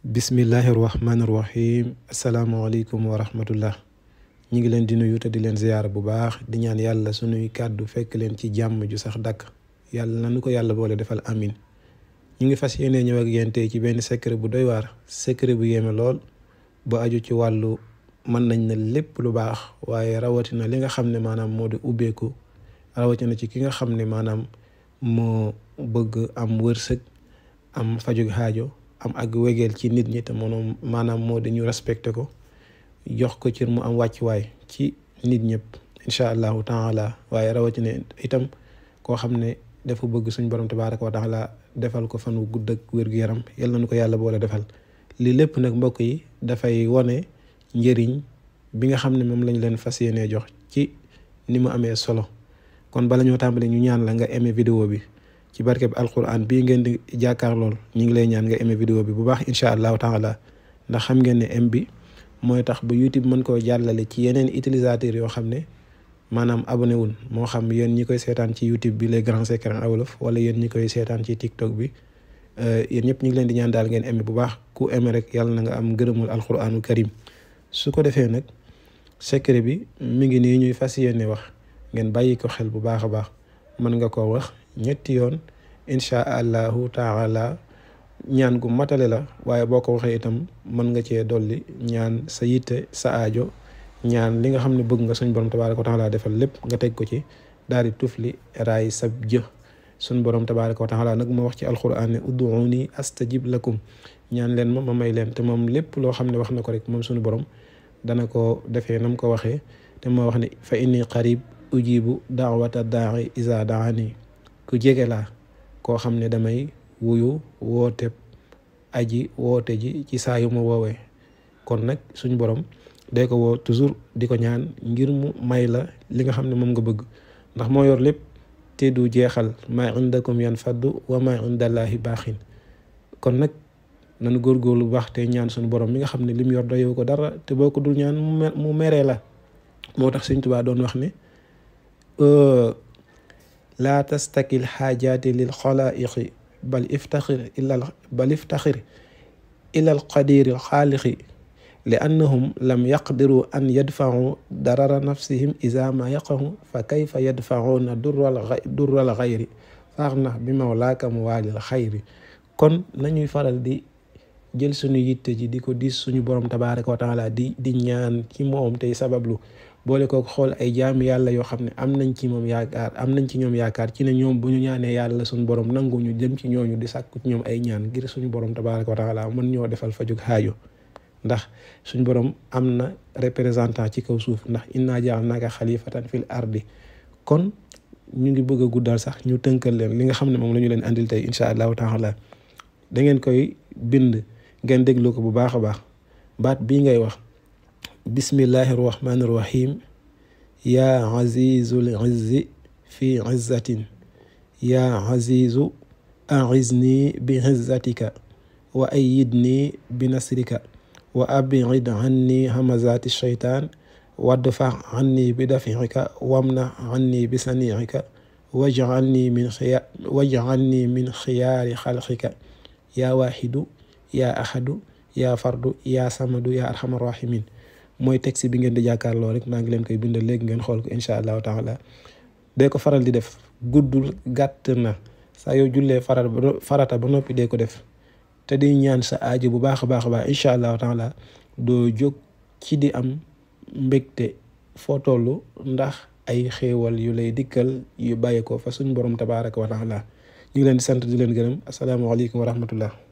bismillahi rahmaani rahim asalaamualeykum wa rahmatullah ñu ngi leen di nuyu te di leen ziyaar bu baax di ñaan yàlla sunuy kàddu fekk leen ci jàmm ju sax dàkk yàlla nanu ko yàlla boole defal amin ñu ngi fas yéenee ñëw ak yéen ci benn secret bu doy waar secret bu yéeme lool bu ajo ci wàllu mën nañ na lépp lu baax waaye rawatina li nga xam ne maanaam moo di ubbeeku rawatina ci ki nga xam ne maanaam moo bëgg am wërsëg am fajug xaajo am ak wegeel ci nit ñi te moom maanaam moo dañu respecté ko jox ko cër mu am wàccuwaay ci nit ñëpp incha allahu laa waaye rawatina itam koo xam ne dafa bëgg suñ borom tabaaraka wa taala defal ko fan wu gudd ak wér-gu-yaram yal nañu ko yàlla boole defal li lépp nag mbokk yi dafay wane njëriñ bi nga xam ne moom lañ leen fas yéenee jox ci ni mu amee solo kon bala ñoo tàmbale ñu ñaan la nga aimé vidéo bi ci barke bi alquran bii ngeen di jàkkaar lool ñu ngi lay ñaan nga aimé vidéo bi bu baax incha allahu taala ndax xam ngeen ne aim bi mooy tax ba YouTube mën koo jàllale ci yeneen utilisateur yoo xam ne maanaam abonné moo xam yéen ñi koy seetaan ci YouTube bi les grands écrans awolof wala yéen ñi koy seetaan ci TikTok bi euh, yéen ñëpp ñu ngi leen di ñaan daal ngeen aimé bu baax ku aimé rek yàlla na nga am gërëmul alquranu karim su ko defee nag secret bi mu ngi nii ñuy fas yéene wax ngeen bàyyi ko xel bu baax a baax mën nga koo wax ñetti yoon incha allahu taala ñaan gu matale la waaye boo ko waxee itam mën nga cee dolli ñaan sa yitte sa ajo ñaan li nga xam ne bëgg nga suñ borom tabaaraka wa laa defal lépp nga teg ko ci daal di tufli raay sab jë suñ borom tabaaraka wa taala nag ma wax ci alquran ne udduuni astajib lakum ñaan leen ma ma may leen te moom lépp loo xam ne wax na ko rek moom suñu borom dana ko defee nam ko waxee te ma wax ne fa inni qarib ujibu daawata daai isa daani ku jege laa koo xam ne damay wuyu woote aji woote ji ci saa yu ma woowee kon nag suñ boroom day ko woo toujours di ko ñaan ngir mu may la li nga xam ne moom nga bëgg ndax moo yor lépp te du jeexal maa indakum yan faddu wa maa indallaahi baaxin kon nag nanu góor bu baax te ñaan suñu borom mi nga xam ne lim yor doyewu ko dara te boo ko dul ñaan mu meree la moo tax sëñ Tuubaa doon wax ne laa tastakil xaajaati lil xalaa'iqi bal iftaxir ilal bal iftaxir ilal qadiri xaalixi li annahum lam yaqdiru an yadfacu darara bi kon nañuy faral di jël suñu yitte ji di ko diis suñu borom tabaaraka wa taala di ñaan ci moom tey sabablu boole kook xool ay jaami yàlla yoo xam ne am nañ ci moom yaakaar am nañ ci ñoom yaakaar ci ne ñoom bu ñu ñaanee yàlla suñu borom nangu ñu jëm ci ñooñu di sàkku ci ñoom ay ñaan ngir suñu borom tabaaraka wa taala mën ñoo defal fajug xaajo ndax suñu borom am na représentant ci kaw suuf ndax inna ja'alnaaka xalifatan fil ardi kon ñu ngi bëgg a guddal sax ñu tënkal leen li nga xam ne moom la ñu leen andil tey incha allahu taala da ngeen koy bind ngeen déglu ko bu baax a baax baat bii ngay wax. bismillahi irrahmani irrahim yaa azizul izzi fi izzatin yaa azizu a'izni bi izzatika wa ayyidni bi nasrika wa ab'id anni hamazati shaytaan wadfa anni bi daf'ika wamna anni bi sani'ika waj'alni min khiya waj'alni min khiyaari xalqika yaa waaxidu yaa ahadu yaa fardu yaa samadu yaa arhamar rahimin mooy texte bi ngeen di jàkkaarloo rek maa ngi leen koy bindal léegi ngeen xool ko incha allahu taala dee ko faral di def guddul gàtt na saa yoo jullee farata ba noppi dee ko def te di ñaan sa aajo bu baax a baax a baax incha allahu taala doo jóg ci di am mbégte foo toll ndax ay xéewal yu lay dikkal yu bàyyi ko fa suñ borom tabaaraka wa taala ñu ngi leen di sant di leen gërëm asalaamaaleykum wa rahmatullah